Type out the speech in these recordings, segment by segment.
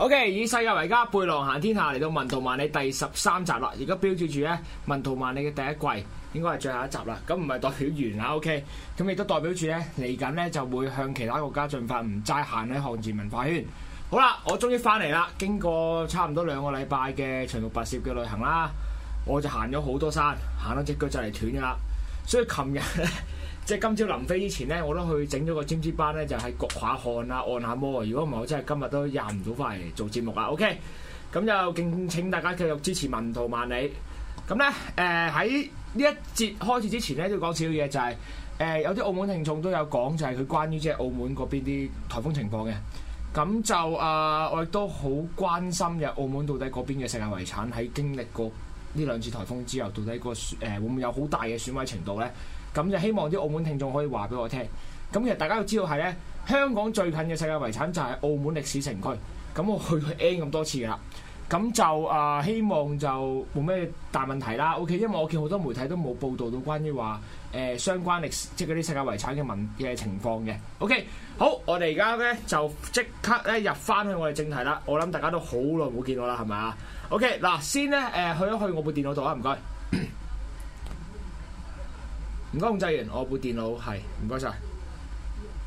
O、okay, K，以世界為家，背囊行天下，嚟到《文圖萬里》第十三集啦。而家標誌住咧，《文圖萬里》嘅第一季應該係最後一集啦。咁唔係代表完啦，O K。咁亦都代表住咧，嚟緊咧就會向其他國家進發，唔再行喺漢字文化圈。好啦，我終於翻嚟啦，經過差唔多兩個禮拜嘅長途跋涉嘅旅行啦，我就行咗好多山，行到隻腳就嚟斷㗎啦。所以琴日咧。即係今朝臨飛之前咧，我都去整咗個尖尖班咧，就係、是、焗下汗啊、按下摩。啊。如果唔係，我真係今日都入唔到翻嚟做節目啦。OK，咁就敬請大家繼續支持文圖萬里。咁咧，誒喺呢、呃、一節開始之前咧，都講少少嘢，就係、是、誒、呃、有啲澳門聽眾都有講，就係佢關於即係澳門嗰邊啲颱風情況嘅。咁就啊、呃，我亦都好關心嘅澳門到底嗰邊嘅世界遺產喺經歷過，呢兩次颱風之後，到底個誒會唔會有好大嘅損毀程度咧？咁就希望啲澳門聽眾可以話俾我聽。咁其實大家都知道係咧，香港最近嘅世界遺產就係澳門歷史城區。咁我去過 N 咁多次啦，咁就啊希望就冇咩大問題啦。OK，因為我見好多媒體都冇報道到關於話誒相關歷史，即係嗰啲世界遺產嘅文嘅情況嘅。OK，好，我哋而家咧就即刻咧入翻去我哋正題啦。我諗大家都好耐冇見到啦，係咪啊？O.K. 嗱，先咧誒去一去我部電腦度啊，唔該，唔該 控制員我部電腦係，唔該晒。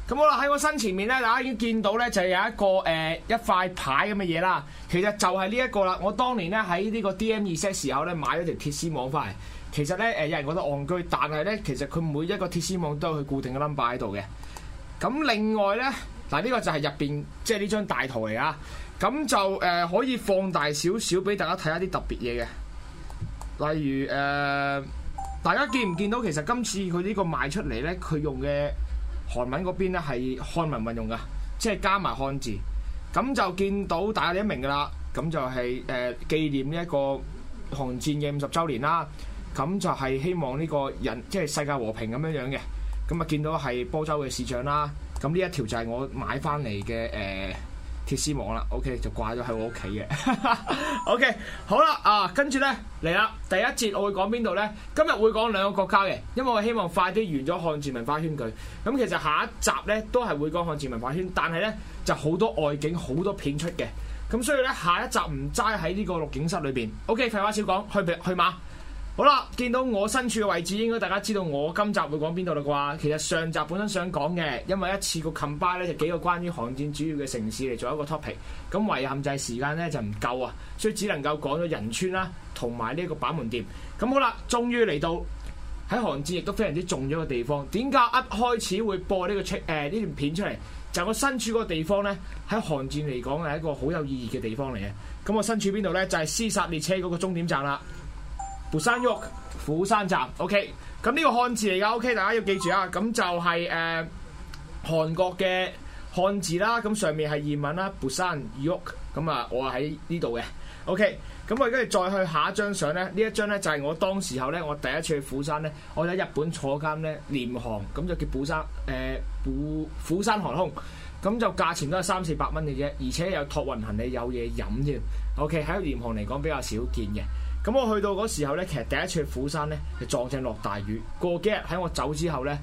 咁 好啦，喺我身前面咧，大家已經見到咧，就係有一個誒、呃、一塊牌咁嘅嘢啦。其實就係呢一個啦。我當年咧喺呢個 D.M.Z. 時候咧買咗條鐵絲網翻嚟。其實咧誒有人覺得戇居，但係咧其實佢每一個鐵絲網都有佢固定嘅 number 喺度嘅。咁另外咧嗱，呢個就係入邊即係呢張大圖嚟啊！咁 就誒可以放大少少俾大家睇下啲特別嘢嘅，例如誒、呃，大家見唔見到其實今次佢呢個賣出嚟呢，佢用嘅韓文嗰邊咧係漢文運用噶，即係加埋漢字。咁就見到大家一明㗎啦。咁就係、是、誒、呃、紀念呢一個韓戰嘅五十週年啦。咁就係希望呢個人即係世界和平咁樣樣嘅。咁啊，見到係波州嘅市長啦。咁呢一條就係我買翻嚟嘅誒。呃鐵絲網啦，OK 就掛咗喺我屋企嘅，OK 好啦啊，跟住咧嚟啦，第一節我會講邊度咧？今日會講兩個國家嘅，因為我希望快啲完咗漢字文化圈佢，咁其實下一集咧都係會講漢字文化圈，但係咧就好多外景好多片出嘅，咁所以咧下一集唔齋喺呢個錄影室裏邊，OK 廢話少講，去去馬。好啦，見到我身處嘅位置，應該大家知道我今集會講邊度啦啩？其實上集本身想講嘅，因為一次過 combine 咧就幾個關於韓戰主要嘅城市嚟做一個 topic。咁遺憾就係時間咧就唔夠啊，所以只能夠講咗仁川啦，同埋呢個板門店。咁好啦，終於嚟到喺韓戰亦都非常之重要嘅地方。點解一開始會播呢個誒呢、呃、段片出嚟？就是、我身處嗰個地方咧，喺韓戰嚟講係一個好有意義嘅地方嚟嘅。咁我身處邊度咧？就係屍殺列車嗰個終點站啦。釜山喐，釜山站，OK，咁呢個漢字嚟噶，OK，大家要記住啊，咁就係誒韓國嘅漢字啦，咁上面係諺文啦，釜山喐，咁啊我啊喺呢度嘅，OK，咁我跟住再去下一張相咧，呢一張咧就係我當時候咧，我第一次去釜山咧，我喺日本坐監咧廉航，咁就叫釜山誒釜、呃、釜山航空，咁就價錢都係三四百蚊嘅啫，而且有託運行李，有嘢飲添，OK，喺廉航嚟講比較少見嘅。咁我去到嗰時候呢，其實第一次去釜山呢，係撞正落大雨。過幾日喺我走之後呢，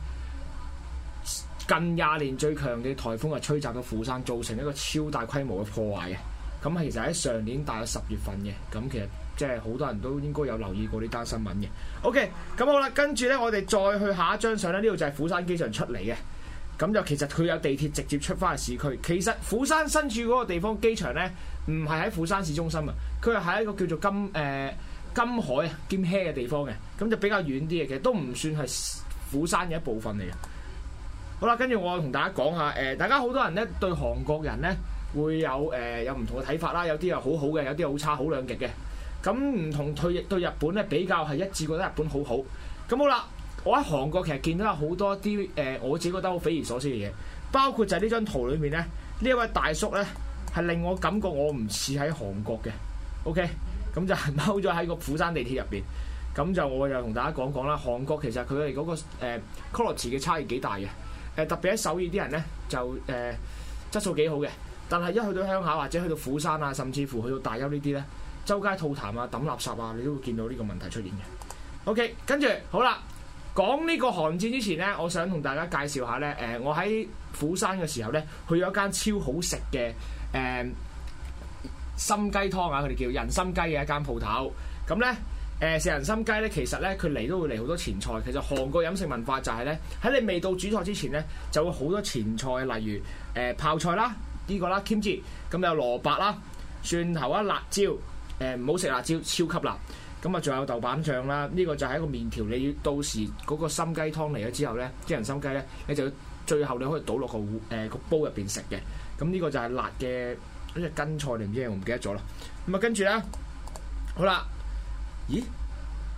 近廿年最強嘅颱風係，吹襲咗釜山，造成一個超大規模嘅破壞嘅。咁其實喺上年大約十月份嘅。咁其實即係好多人都應該有留意過呢單新聞嘅。OK，咁好啦，跟住呢，我哋再去下一張相呢，呢度就係釜山機場出嚟嘅。咁就其實佢有地鐵直接出翻去市區。其實釜山身處嗰個地方機場呢，唔係喺釜山市中心啊，佢係喺一個叫做金誒，呃金海啊，兼希嘅地方嘅，咁就比較遠啲嘅，其實都唔算係釜山嘅一部分嚟嘅。好啦，跟住我同大家講下，誒，大家好多人咧對韓國人咧會有誒有唔同嘅睇法啦，有啲又好好嘅，有啲好差好兩極嘅。咁唔同退役對日本咧比較係一致覺得日本好好。咁好啦，我喺韓國其實見到有好多啲誒、呃，我自己覺得好匪夷所思嘅嘢，包括就係呢張圖裏面咧，呢一位大叔咧係令我感覺我唔似喺韓國嘅，OK。咁就踎咗喺個釜山地鐵入邊，咁就我又同大家講講啦。韓國其實佢哋嗰個誒 culture 嘅差異幾大嘅，誒、呃、特別喺首爾啲人咧就誒、呃、質素幾好嘅，但係一去到鄉下或者去到釜山啊，甚至乎去到大邱呢啲咧，周街吐痰啊、抌垃圾啊，你都會見到呢個問題出現嘅。OK，跟住好啦，講呢個韓戰之前咧，我想同大家介紹下咧，誒、呃、我喺釜山嘅時候咧，去咗間超好食嘅誒，呃心參雞湯啊，佢哋叫人參雞嘅一間鋪頭，咁咧誒食人參雞咧，其實咧佢嚟都會嚟好多前菜。其實韓國飲食文化就係咧，喺你未到主菜之前咧，就會好多前菜，例如誒、呃、泡菜啦呢、這個啦，kimchi 咁有蘿蔔啦、蒜頭啦、啊、辣椒誒，唔、呃、好食辣椒，超級辣。咁啊，仲有豆瓣醬啦，呢、這個就係一個麵條。你要到時嗰個心參雞湯嚟咗之後咧，即人參雞咧，你就最後你可以倒落個誒個煲入邊食嘅。咁呢個就係辣嘅。好似跟錯定唔知，我唔記得咗啦。咁啊，跟住咧，好啦，咦？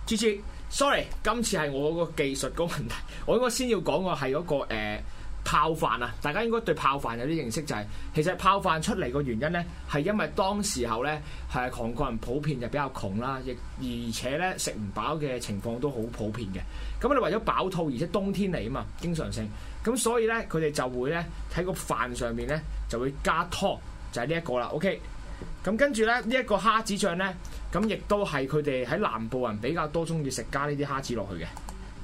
次次 sorry，今次係我個技術個問題。我應該先要講、嘅係嗰個誒泡飯啊。大家應該對泡飯有啲認識、就係，就係其實泡飯出嚟個原因咧，係因為當時候咧係韓國人普遍就比較窮啦，亦而且咧食唔飽嘅情況都好普遍嘅。咁啊，你為咗飽肚，而且，而且冬天嚟啊嘛，經常性咁，所以咧佢哋就會咧喺個飯上面咧就會加湯。就係、OK? 呢一個啦，OK。咁跟住咧，呢一個蝦子醬咧，咁亦都係佢哋喺南部人比較多中意食加呢啲蝦子落去嘅。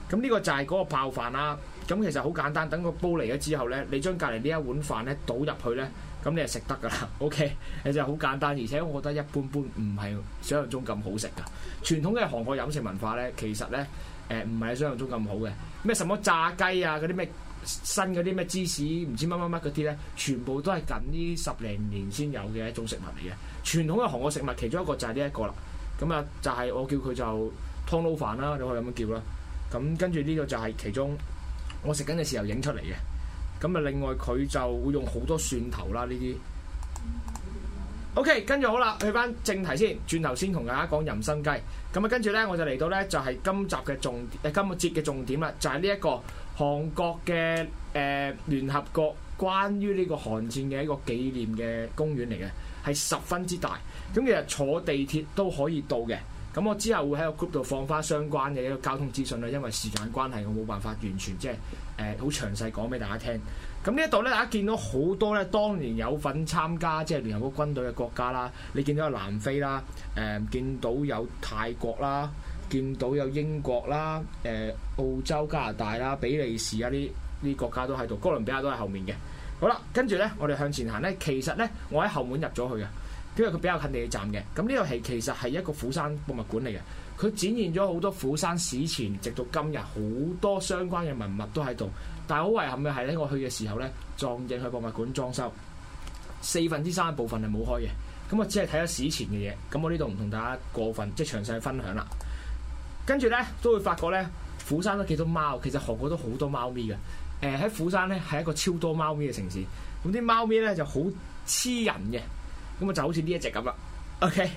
咁、這、呢個就係嗰個泡飯啦。咁其實好簡單，等個煲嚟咗之後咧，你將隔籬呢一碗飯咧倒入去咧，咁你就食得噶啦，OK。誒就好簡單，而且我覺得一般般，唔係想象中咁好食噶。傳統嘅韓國飲食文化咧，其實咧誒唔係想象中咁好嘅。咩什麼炸雞啊，嗰啲咩？新嗰啲咩芝士唔知乜乜乜嗰啲咧，全部都係近呢十零年先有嘅一種食物嚟嘅。傳統嘅韓國食物其中一個就係呢一個啦。咁啊，就係我叫佢就湯撈飯啦，你可以咁樣叫啦。咁跟住呢個就係其中我食緊嘅時候影出嚟嘅。咁啊，另外佢就會用好多蒜頭啦呢啲。OK，跟住好啦，去翻正題先，轉頭先同大家講人參雞。咁啊，跟住咧我就嚟到咧就係、是、今集嘅重點誒今個節嘅重點啦，就係呢一個。韓國嘅誒、呃、聯合國關於呢個韓戰嘅一個紀念嘅公園嚟嘅，係十分之大。咁其實坐地鐵都可以到嘅。咁我之後會喺個 group 度放翻相關嘅一個交通資訊啦，因為時間關係，我冇辦法完全即係誒好詳細講俾大家聽。咁呢一度咧，大家見到好多咧，當年有份參加即係聯合國軍隊嘅國家啦，你見到有南非啦，誒、呃、見到有泰國啦。見到有英國啦、誒、呃、澳洲、加拿大啦、比利時呀，呢啲國家都喺度，哥倫比亞都喺後面嘅。好啦，跟住呢，我哋向前行呢。其實呢，我喺後門入咗去嘅，因為佢比較近地鐵站嘅。咁呢度係其實係一個釜山博物館嚟嘅，佢展現咗好多釜山史前直到今日好多相關嘅文物都喺度。但係好遺憾嘅係呢，我去嘅時候呢，撞正去博物館裝修四分之三部分係冇開嘅。咁我只係睇咗史前嘅嘢。咁我呢度唔同大家過分即係詳細分享啦。跟住咧，都會發覺咧，釜山都幾多貓，其實韓國都好多貓咪嘅。誒、呃、喺釜山咧，係一個超多貓咪嘅城市。咁啲貓咪咧就、嗯、就好黐人嘅，咁啊就好似呢一隻咁啦。OK，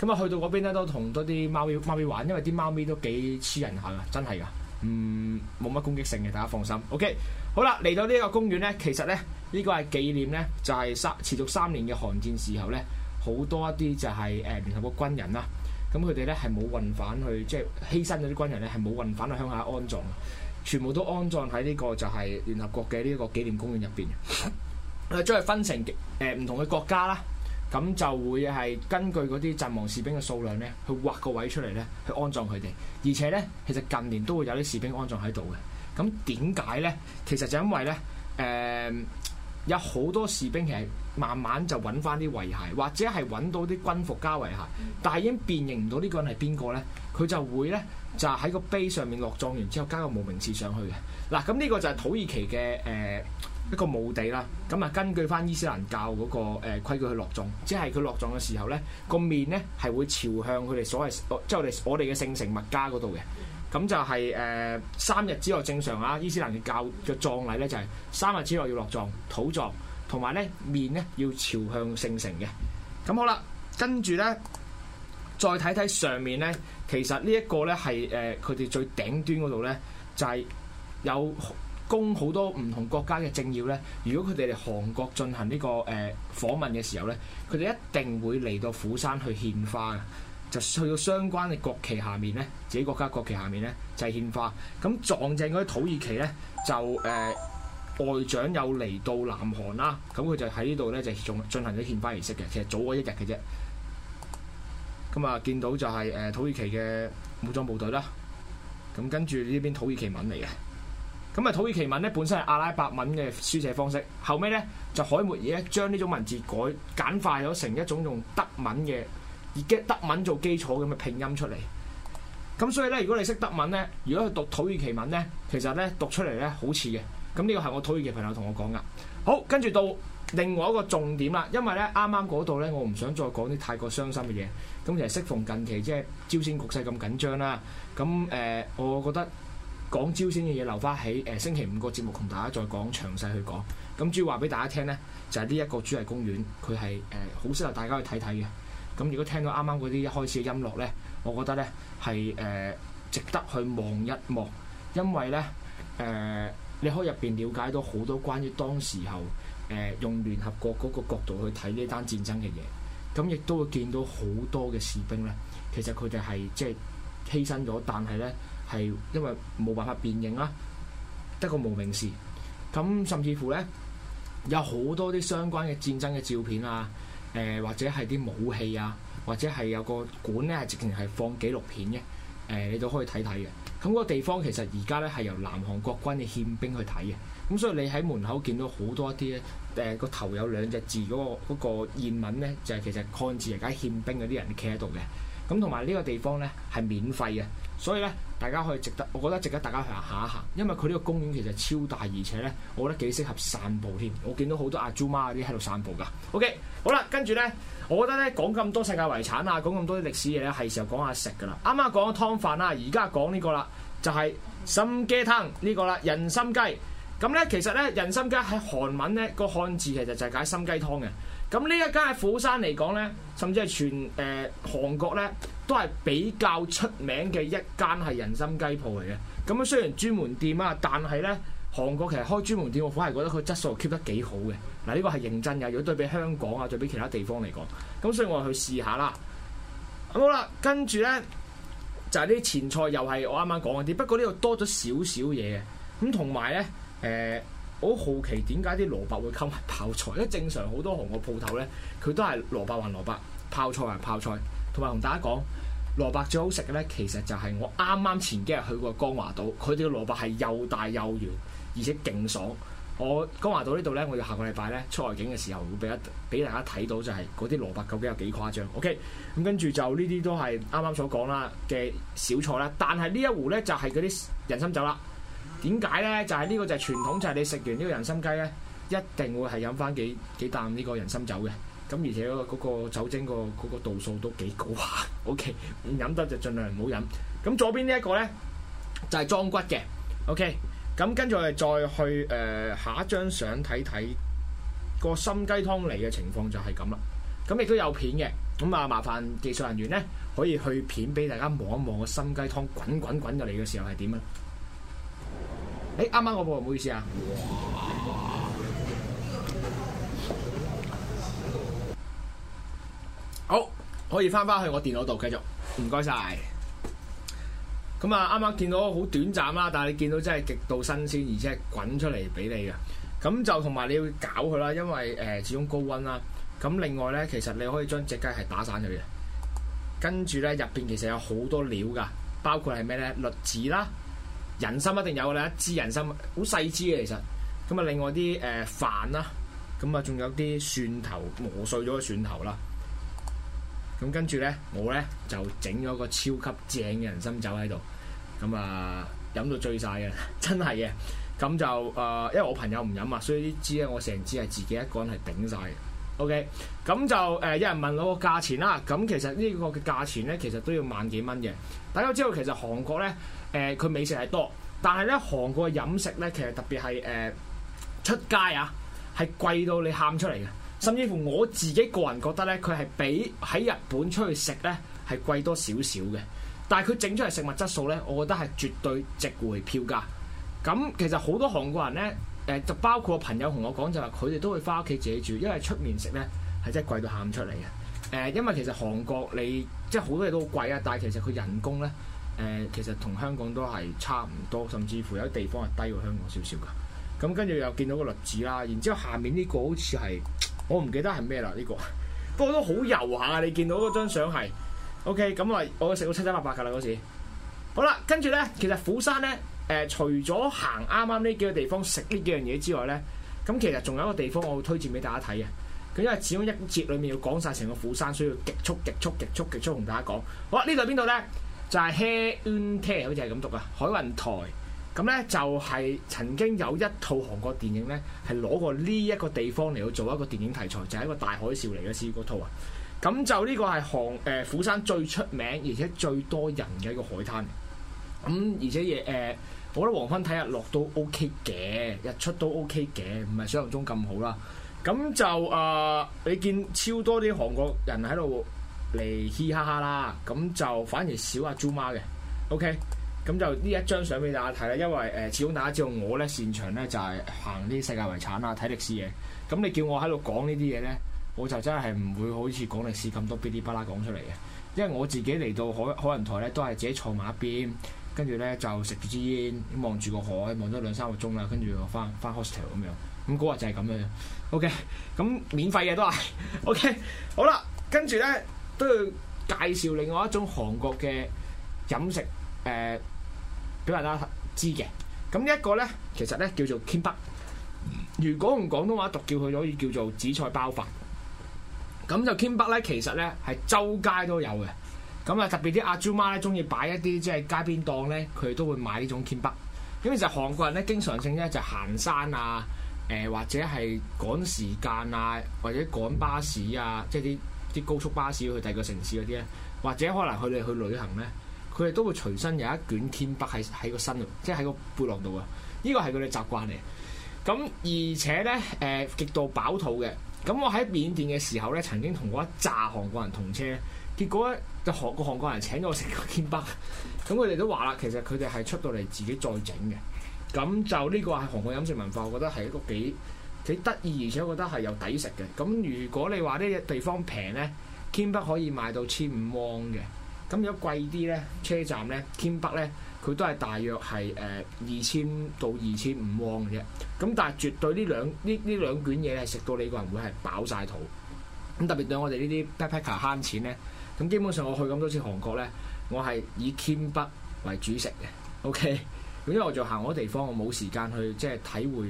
咁啊去到嗰邊咧都同多啲貓咪貓咪玩，因為啲貓咪都幾黐人行啊，真係噶，嗯，冇乜攻擊性嘅，大家放心。OK，好啦，嚟到呢一個公園咧，其實咧呢、這個係紀念咧，就係、是、三持續三年嘅韓戰時候咧，好多一啲就係誒聯合國軍人啦。咁佢哋咧係冇運返去，即係犧牲嗰啲軍人咧係冇運返去鄉下安葬，全部都安葬喺呢個就係聯合國嘅呢一個紀念公園入邊。佢將佢分成誒唔同嘅國家啦，咁就會係根據嗰啲陣亡士兵嘅數量咧，去劃個位出嚟咧，去安葬佢哋。而且咧，其實近年都會有啲士兵安葬喺度嘅。咁點解咧？其實就因為咧，誒。有好多士兵其實慢慢就揾翻啲遺骸，或者係揾到啲軍服加遺骸，但係已經辨認唔到呢個人係邊個咧？佢就會咧，就喺個碑上面落葬完之後加個無名氏上去嘅嗱。咁、啊、呢個就係土耳其嘅誒、呃、一個墓地啦。咁啊，根據翻伊斯蘭教嗰、那個誒、呃、規矩去落葬，即係佢落葬嘅時候咧，個面咧係會朝向佢哋所謂即係我哋我哋嘅聖城麥加嗰度嘅。咁就係、是、誒、呃、三日之內正常啊，伊斯蘭教嘅葬禮咧就係、是、三日之內要落葬土葬，同埋咧面咧要朝向聖城嘅。咁好啦，跟住咧再睇睇上面咧，其實呢一個咧係誒佢哋最頂端嗰度咧，就係、是、有供好多唔同國家嘅政要咧，如果佢哋嚟韓國進行呢、這個誒、呃、訪問嘅時候咧，佢哋一定會嚟到釜山去獻花嘅。就去到相關嘅國旗下面咧，自己國家國旗下面咧就係、是、獻花。咁，撞正嗰啲土耳其咧就誒、呃、外長又嚟到南韓啦，咁佢就喺呢度咧就仲進行咗獻花儀式嘅，其實早咗一日嘅啫。咁啊，見到就係誒土耳其嘅武裝部隊啦。咁跟住呢邊土耳其文嚟嘅，咁啊土耳其文咧本身係阿拉伯文嘅書寫方式，後尾咧就凱末爾咧將呢種文字改簡化咗成一種用德文嘅。以德文做基礎咁嘅拼音出嚟，咁所以咧，如果你識德文咧，如果去讀土耳其文咧，其實咧讀出嚟咧好似嘅。咁呢個係我土耳其朋友同我講噶。好，跟住到另外一個重點啦，因為咧啱啱嗰度咧，我唔想再講啲太過傷心嘅嘢。咁其實適逢近期即係朝鮮局勢咁緊張啦。咁誒、呃，我覺得講朝鮮嘅嘢留翻喺誒星期五個節目同大家再講詳細去講。咁主要話俾大家聽咧，就係呢一個主題公園，佢係誒好適合大家去睇睇嘅。咁如果聽到啱啱嗰啲開始嘅音樂咧，我覺得咧係誒值得去望一望，因為咧誒、呃、你可以入邊了解到好多關於當時候誒、呃、用聯合國嗰個角度去睇呢單戰爭嘅嘢，咁、嗯、亦都會見到好多嘅士兵咧，其實佢哋係即係犧牲咗，但係咧係因為冇辦法辨認啦，得個無名氏，咁、嗯、甚至乎咧有好多啲相關嘅戰爭嘅照片啊！誒或者係啲武器啊，或者係有個館咧係直情係放紀錄片嘅，誒、呃、你都可以睇睇嘅。咁、嗯、那個地方其實而家咧係由南韓國軍嘅憲兵去睇嘅，咁、嗯、所以你喺門口見到好多一啲咧，誒、呃、個頭有兩隻字嗰、那個嗰憲文咧，就係、是、其實抗日而家憲兵嗰啲人企喺度嘅。咁同埋呢個地方呢係免費嘅，所以呢大家可以值得，我覺得值得大家去下行一行，因為佢呢個公園其實超大，而且呢我覺得幾適合散步添。我見到好多阿珠媽啲喺度散步㗎。OK，好啦，跟住呢我覺得呢講咁多世界遺產啊，講咁多啲歷史嘢呢，係時候講下食㗎啦。啱啱講咗湯飯啦，而家講呢個啦，就係參雞湯呢個啦，人參雞。咁呢，其實呢，人參雞喺韓文呢個漢字其實就係解參雞湯嘅。咁呢一間喺釜山嚟講呢，甚至係全誒、呃、韓國呢，都係比較出名嘅一間係人蔘雞鋪嚟嘅。咁啊雖然專門店啊，但係呢韓國其實開專門店，我反而覺得佢質素 keep 得幾好嘅。嗱呢個係認真嘅，如果對比香港啊，對比其他地方嚟講，咁所以我去試下啦。咁好啦，跟住呢就係、是、啲前菜，又係我啱啱講嗰啲，不過呢度多咗少少嘢嘅。咁同埋呢。誒、呃。我好好奇點解啲蘿蔔會溝埋泡菜？因為正常好多紅嘅鋪頭咧，佢都係蘿蔔還蘿蔔，泡菜還泡菜。同埋同大家講，蘿蔔最好食嘅咧，其實就係我啱啱前幾日去過江華島，佢哋嘅蘿蔔係又大又圓，而且勁爽。我江華島呢度咧，我哋下個禮拜咧出外景嘅時候會俾一俾大家睇到，就係嗰啲蘿蔔究竟有幾誇張。OK，咁跟住就呢啲都係啱啱所講啦嘅小菜啦。但係呢一壺咧就係嗰啲人參酒啦。點解咧？就係、是、呢個就係傳統，就係、是、你食完呢個人參雞咧，一定會係飲翻幾幾啖呢個人參酒嘅。咁而且嗰個酒精個、那個度數都幾高下。 OK，唔飲得就盡量唔好飲。咁左邊呢一個咧，就係、是、裝骨嘅。OK，咁跟住我哋再去誒、呃、下一張相睇睇個參雞湯嚟嘅情況就係咁啦。咁亦都有片嘅。咁啊，麻煩技術人員咧可以去片俾大家望一望，這個參雞湯滾滾滾入嚟嘅時候係點啊？誒，啱啱嗰部唔好意思啊，好，可以翻翻去我電腦度繼續，唔該晒。咁啊，啱啱見到好短暫啦，但係你見到真係極度新鮮，而且係滾出嚟俾你嘅。咁就同埋你要搞佢啦，因為誒、呃、始終高溫啦。咁另外咧，其實你可以將隻雞係打散佢嘅，跟住咧入邊其實有好多料噶，包括係咩咧？栗子啦。人參一定有啦，一支人參好細支嘅其實，咁啊另外啲誒飯啦，咁、呃、啊仲有啲蒜頭磨碎咗嘅蒜頭啦，咁、啊、跟住咧我咧就整咗個超級正嘅人參酒喺度，咁啊飲到醉晒嘅，真係嘅，咁就誒因為我朋友唔飲啊，所以啲支咧我成支係自己一個人係頂晒 OK，咁就誒、呃、有人問我個價錢啦。咁其實呢個嘅價錢咧，其實都要萬幾蚊嘅。大家知道其實韓國咧，誒、呃、佢美食係多，但係咧韓國嘅飲食咧，其實特別係誒、呃、出街啊，係貴到你喊出嚟嘅。甚至乎我自己個人覺得咧，佢係比喺日本出去食咧係貴多少少嘅。但係佢整出嚟食物質素咧，我覺得係絕對值回票價。咁其實好多韓國人咧。誒就包括我朋友同我講，就話佢哋都會翻屋企自己煮，因為面呢出面食咧係真係貴到喊出嚟嘅。誒、呃，因為其實韓國你即係好多嘢都好貴啊，但係其實佢人工咧誒、呃、其實同香港都係差唔多，甚至乎有啲地方係低過香港少少噶。咁跟住又見到個例子啦，然之後下面呢個好似係我唔記得係咩啦呢個，不過都好油下。你見到嗰張相係 OK，咁啊我食到七七八八噶啦嗰時。好啦，跟住咧其實釜山咧。誒、呃、除咗行啱啱呢幾個地方食呢幾樣嘢之外呢，咁其實仲有一個地方我會推薦俾大家睇嘅。咁因為始終一節裏面要講晒成個釜山，所以要極速、極速、極速、極速同大家講。好啦，呢度邊度呢？就係、是、海雲台，好似係咁讀啊！海雲台咁呢就係曾經有一套韓國電影呢，係攞過呢一個地方嚟去做一個電影題材，就係、是、一個大海嘯嚟嘅，試過套啊。咁就呢個係韓誒釜山最出名而且最多人嘅一個海灘。咁、嗯、而且嘢誒、呃，我覺得黃昏睇日落都 OK 嘅，日出都 OK 嘅，唔係想像中咁好啦。咁就誒、呃，你見超多啲韓國人喺度嚟嘻哈哈啦。咁就反而少阿豬媽嘅，OK。咁就呢一張相俾大家睇啦，因為誒、呃，始終大家知道我咧擅長咧就係、是、行啲世界遺產啊，睇歷史嘢。咁你叫我喺度講呢啲嘢咧，我就真係唔會好似講歷史咁多噼哩啪啦講出嚟嘅，因為我自己嚟到海海雲台咧，都係自己坐埋一邊，跟住咧就食住支煙，望住個海，望咗兩三個鐘啦。跟住我翻翻 hostel 咁樣，咁、那、嗰、個、日就係咁樣。OK，咁免費嘅都係 OK 好。好啦，跟住咧都要介紹另外一種韓國嘅飲食，誒、呃、俾大家知嘅。咁、那、一個咧其實咧叫做 Kimbap，如果用廣東話讀叫佢可以叫做紫菜包飯。咁就 Kimbap 咧，其實咧係周街都有嘅。咁啊，特別啲阿珠媽咧，中意擺一啲即係街邊檔咧，佢都會買呢種鉛筆。咁其實韓國人咧，經常性咧就是、行山啊，誒、呃、或者係趕時間啊，或者趕巴士啊，即係啲啲高速巴士去第二個城市嗰啲咧，或者可能佢哋去旅行咧，佢哋都會隨身有一卷鉛筆喺喺個身度，即係喺個背囊度啊。呢個係佢哋習慣嚟。咁而且咧誒、呃、極度飽肚嘅。咁我喺緬甸嘅時候咧，曾經同嗰一紮韓國人同車。結果咧就韓個韓國人請我食個煎北，咁佢哋都話啦，其實佢哋係出到嚟自己再整嘅。咁就呢個係韓國飲食文化，我覺得係一個幾幾得意，而且我覺得係有抵食嘅。咁如果你話呢啲地方平咧，煎北可以賣到千五汪嘅。咁如果貴啲咧，車站咧，煎北咧，佢都係大約係誒二千到二千五汪嘅啫。咁但係絕對呢兩呢呢兩卷嘢係食到你個人會係飽晒肚。咁特別對我哋 ak 呢啲 packer 慳錢咧。咁基本上我去咁多次韓國咧，我係以 Kimbab 為主食嘅，OK。因為我就行好多地方，我冇時間去即係體會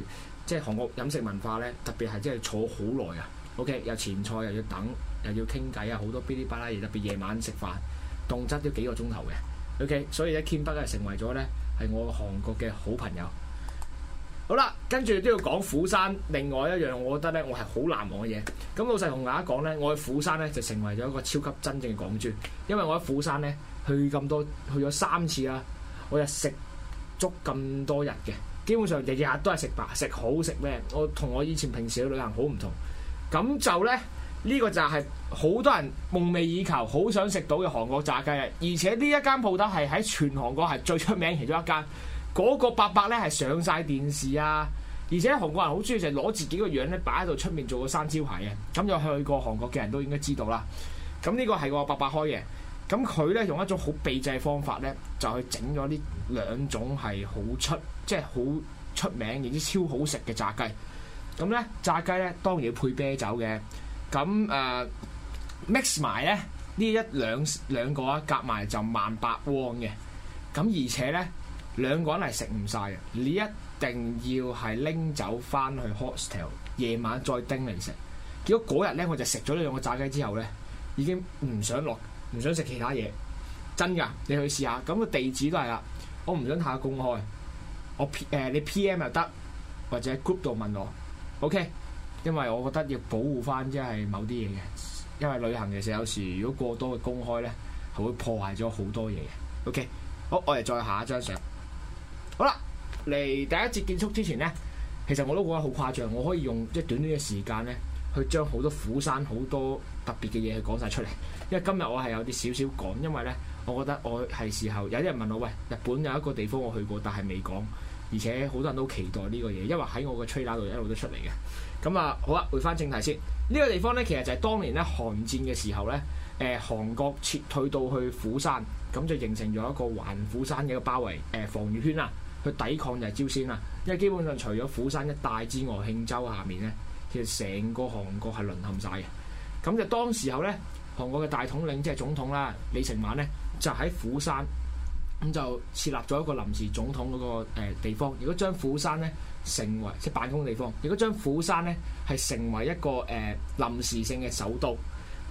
即係韓國飲食文化咧，特別係即係坐好耐啊，OK。又前菜又要等，又要傾偈啊，好多嗶哩吧啦嘢，特別夜晚食飯，動輒都幾個鐘頭嘅，OK。所以咧 Kimbab 咧成為咗咧係我韓國嘅好朋友。好啦，跟住都要講釜山。另外一樣，我覺得呢，我係好難忘嘅嘢。咁老實同大家講呢，我喺釜山呢就成為咗一個超級真正嘅港豬。因為我喺釜山呢去咁多，去咗三次啦。我就食足咁多日嘅，基本上日日都係食白食好食咩？我同我以前平時去旅行好唔同。咁就呢，呢、呢個就係好多人夢寐以求、好想食到嘅韓國炸雞啊！而且呢一間鋪頭係喺全韓國係最出名其中一間。嗰個伯伯咧係上晒電視啊！而且韓國人好中意就攞自己個樣咧擺喺度，出面做個生招牌嘅。咁有去過韓國嘅人都應該知道啦。咁呢個係個伯伯開嘅。咁佢咧用一種好秘製嘅方法咧，就去整咗呢兩種係好出即係好出名，亦都超好食嘅炸雞。咁咧炸雞咧當然要配啤酒嘅。咁誒 mix 埋咧呢一兩兩個啊，夾埋就萬八汪嘅。咁而且咧～兩個人係食唔晒嘅，你一定要係拎走翻去 hostel，夜晚再叮嚟食。結果嗰日咧，我就食咗呢兩個炸雞之後咧，已經唔想落，唔想食其他嘢。真噶，你去試下。咁個地址都係啦，我唔想太公開。我 P、呃、你 PM 又得，或者 group 度問我 OK。因為我覺得要保護翻即係某啲嘢嘅，因為旅行其實有時如果過多嘅公開咧，係會破壞咗好多嘢嘅。OK，好，我哋再下一張相。好啦，嚟第一節結束之前呢，其實我都覺得好誇張。我可以用即係短短嘅時間呢，去將好多釜山好多特別嘅嘢去講晒出嚟。因為今日我係有啲少少講，因為呢，我覺得我係時候有啲人問我，喂，日本有一個地方我去過，但係未講，而且好多人都期待呢個嘢，因為喺我嘅吹打度一路都出嚟嘅。咁啊，好啦，回翻正題先。呢、這個地方呢，其實就係當年呢韓戰嘅時候呢，誒、呃、韓國撤退到去釜山，咁就形成咗一個環釜山嘅一個包圍誒、呃、防禦圈啦。去抵抗就係朝先啦，因為基本上除咗釜山一帶之外，慶州下面咧，其實成個韓國係淪陷晒嘅。咁就當時候咧，韓國嘅大統領即係總統啦，李承晚咧，就喺釜山咁就設立咗一個臨時總統嗰、那個、呃、地方。如果將釜山咧成為即係辦公地方，如果將釜山咧係成為一個誒、呃、臨時性嘅首都，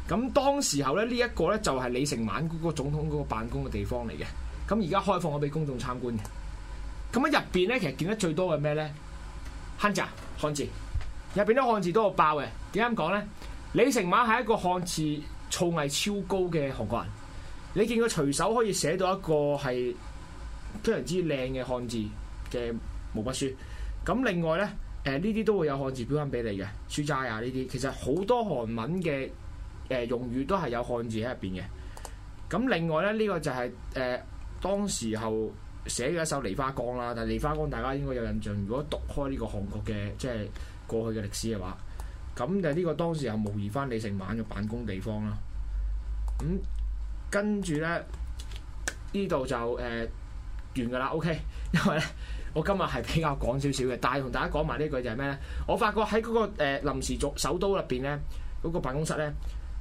咁當時候咧呢一、這個咧就係李承晚嗰個總統嗰個辦公嘅地方嚟嘅。咁而家開放咗俾公眾參觀嘅。咁喺入邊咧，其實見得最多嘅咩咧？漢字，漢字。入邊啲漢字都好爆嘅。點解咁講咧？李承晚係一個漢字造詣超高嘅韓國人。你見佢隨手可以寫到一個係非常之靚嘅漢字嘅毛筆書。咁另外咧，誒呢啲都會有漢字標音俾你嘅書齋啊，呢啲其實好多韓文嘅誒用語都係有漢字喺入邊嘅。咁另外咧，呢個就係誒當時候。寫嘅一首《梨花江》啦，但《梨花江》大家應該有印象。如果讀開呢個韓國嘅即係過去嘅歷史嘅話，咁誒呢個當時又模擬翻李承晚嘅辦公地方啦。咁跟住咧，呢度就誒、呃、完㗎啦。OK，因為咧，我今日係比較講少少嘅，但係同大家講埋呢句就係咩咧？我發覺喺嗰、那個誒、呃、臨時首都入邊咧，嗰、那個辦公室咧，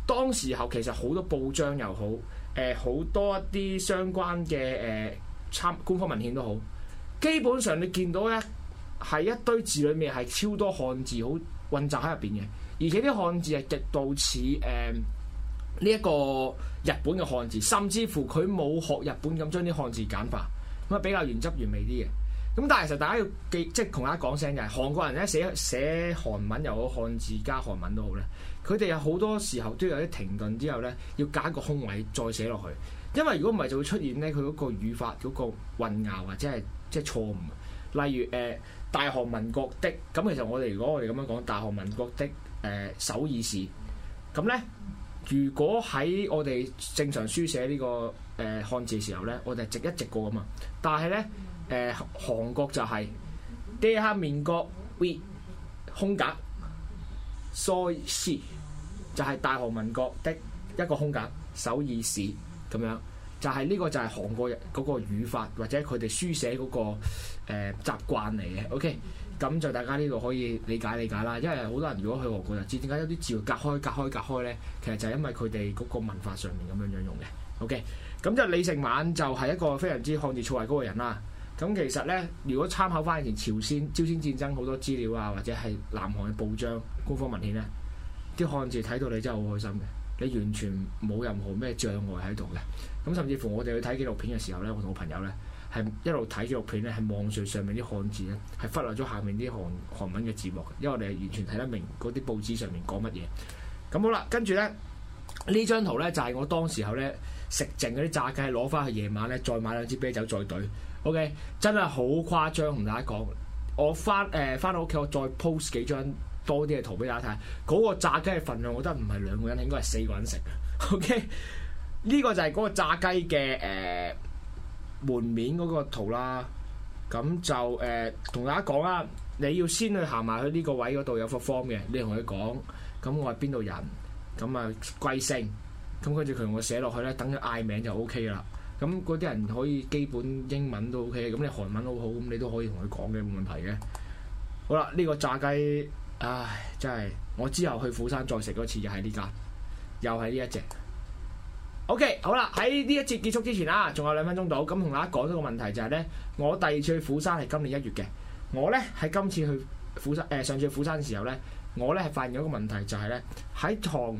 當時候其實好多報章又好，誒、呃、好多一啲相關嘅誒，呃參官方文獻都好，基本上你見到咧，係一堆字裏面係超多漢字，好混雜喺入邊嘅，而且啲漢字係極度似誒呢一個日本嘅漢字，甚至乎佢冇學日本咁將啲漢字簡化，咁啊，比較原汁原味啲嘅。咁但係其實大家要記，即係同大家講聲嘅係，韓國人咧寫寫韓文又好，漢字加韓文都好咧。佢哋有好多時候都有啲停頓之後咧，要揀個空位再寫落去，因為如果唔係就會出現咧佢嗰個語法嗰、嗰個混淆或者係即係錯誤。例如誒、呃、大韓民國的，咁其實我哋如果我哋咁樣講大韓民國的誒、呃、首爾市，咁咧如果喺我哋正常書寫呢個誒漢字嘅時候咧，我哋係直一直過㗎嘛，但係咧誒韓國就係爹下面國 we 空格。s o、so、就係大韓民國的一個空格首爾市咁樣，就係、是、呢、這個就係韓國人嗰個語法或者佢哋書寫嗰、那個誒、呃、習慣嚟嘅。OK，咁就大家呢度可以理解理解啦。因為好多人如果去韓國就知點解有啲字要隔開、隔開、隔開咧，其實就係因為佢哋嗰個文化上面咁樣樣用嘅。OK，咁就李成晚就係一個非常之漢字錯位嗰個人啦。咁其實咧，如果參考翻以前朝鮮朝鮮戰爭好多資料啊，或者係南韓嘅報章。官方文獻咧，啲漢字睇到你真係好開心嘅，你完全冇任何咩障礙喺度嘅。咁甚至乎我哋去睇紀錄片嘅時候咧，我同我朋友咧係一路睇紀錄片咧，係望住上面啲漢字咧，係忽略咗下面啲韓韓文嘅字幕嘅，因為我哋係完全睇得明嗰啲報紙上面講乜嘢。咁好啦，跟住咧，呢張圖咧就係、是、我當時候咧食剩嗰啲炸雞攞翻去夜晚咧，再買兩支啤酒再懟。OK，真係好誇張同大家講，我翻誒翻到屋企我再 post 幾張。多啲嘅圖畀大家睇，嗰、嗰個炸雞嘅份量，我覺得唔係兩個人，應該係四個人食嘅。OK，呢 個就係嗰個炸雞嘅誒、呃、門面嗰個圖啦。咁就誒同、呃、大家講啦，你要先去行埋去呢個位嗰度有個 form 嘅，你同佢講。咁我係邊度人，咁啊貴姓，咁跟住佢同我寫落去咧，等佢嗌名就 OK 啦。咁嗰啲人可以基本英文都 OK，咁你韓文好好，咁你都可以同佢講嘅冇問題嘅。好啦，呢、呢個炸雞。唉，真係！我之後去釜山再食一次又係呢間，又係呢一隻。OK，好啦，喺呢一節結束之前啊，仲有兩分鐘到。咁同大家講咗個問題就係、是、呢：我第二次去釜山係今年一月嘅。我呢，喺今次去釜山，誒、呃、上次去釜山嘅時候呢，我呢係發現咗一個問題、就是，就係呢：喺唐誒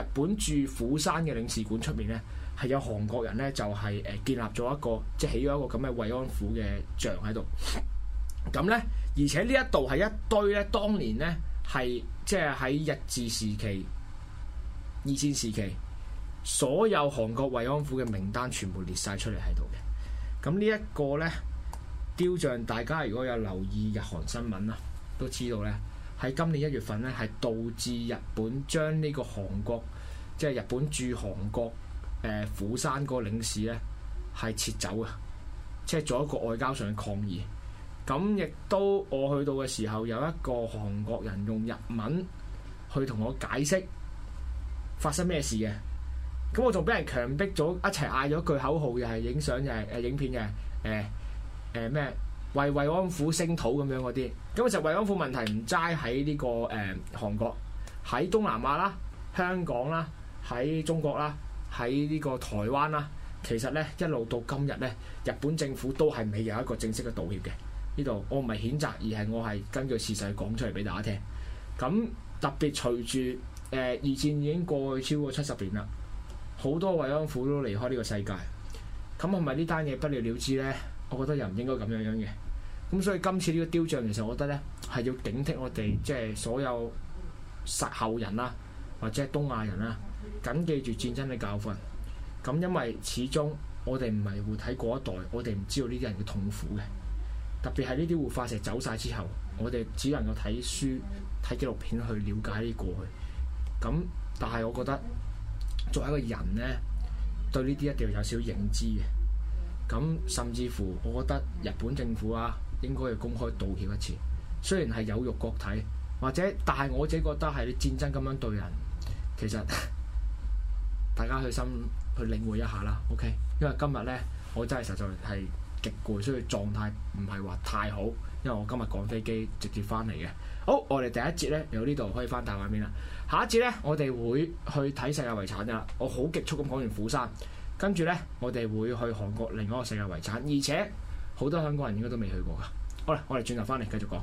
日本駐釜，釜山嘅領事館出面呢，係有韓國人呢，就係、是、建立咗一個即係起咗一個咁嘅慰安婦嘅像喺度。咁呢。而且呢一度係一堆呢當年呢。係即係喺日治時期、二戰時期，所有韓國慰安婦嘅名單全部列晒出嚟喺度嘅。咁呢一個呢，雕像，大家如果有留意日韓新聞啦，都知道呢，喺今年一月份呢，係導致日本將呢個韓國即係、就是、日本駐韓國誒釜、呃、山個領事呢，係撤走啊，即係做一個外交上嘅抗議。咁亦都，我去到嘅時候有一個韓國人用日文去同我解釋發生咩事嘅。咁我仲俾人強迫咗一齊嗌咗句口號、就是，又係影相，又係誒影片嘅誒誒咩為慰安婦聲討咁樣嗰啲。咁其實慰安婦問題唔齋喺呢個誒、呃、韓國喺東南亞啦、香港啦、喺中國啦、喺呢個台灣啦。其實咧一路到今日咧，日本政府都係未有一個正式嘅道歉嘅。呢度我唔係譴責，而係我係根據事實講出嚟俾大家聽。咁特別隨住誒、呃、二戰已經過去超過七十年啦，好多慰安婦都離開呢個世界。咁係咪呢單嘢不了了之呢？我覺得又唔應該咁樣樣嘅。咁所以今次呢個雕像，其實我覺得呢係要警惕我哋即係所有殺後人啦、啊，或者東亞人啦、啊，緊記住戰爭嘅教訓。咁因為始終我哋唔係活喺嗰一代，我哋唔知道呢啲人嘅痛苦嘅。特別係呢啲活化石走晒之後，我哋只能夠睇書、睇紀錄片去了解呢過去。咁，但係我覺得作為一個人呢，對呢啲一定要有少少認知嘅。咁甚至乎，我覺得日本政府啊，應該要公開道歉一次。雖然係有辱國體，或者但係我自己覺得係你戰爭咁樣對人，其實大家去心去領會一下啦，OK？因為今日呢，我真係實在係極攰，所以狀態唔係話太好，因為我今日趕飛機直接翻嚟嘅。好，我哋第一節咧由呢度可以翻大畫面啦。下一節咧，我哋會去睇世界遺產㗎啦。我好極速咁講完釜山，跟住咧我哋會去韓國另一個世界遺產，而且好多香港人應該都未去過㗎。好啦，我哋轉頭翻嚟繼續講。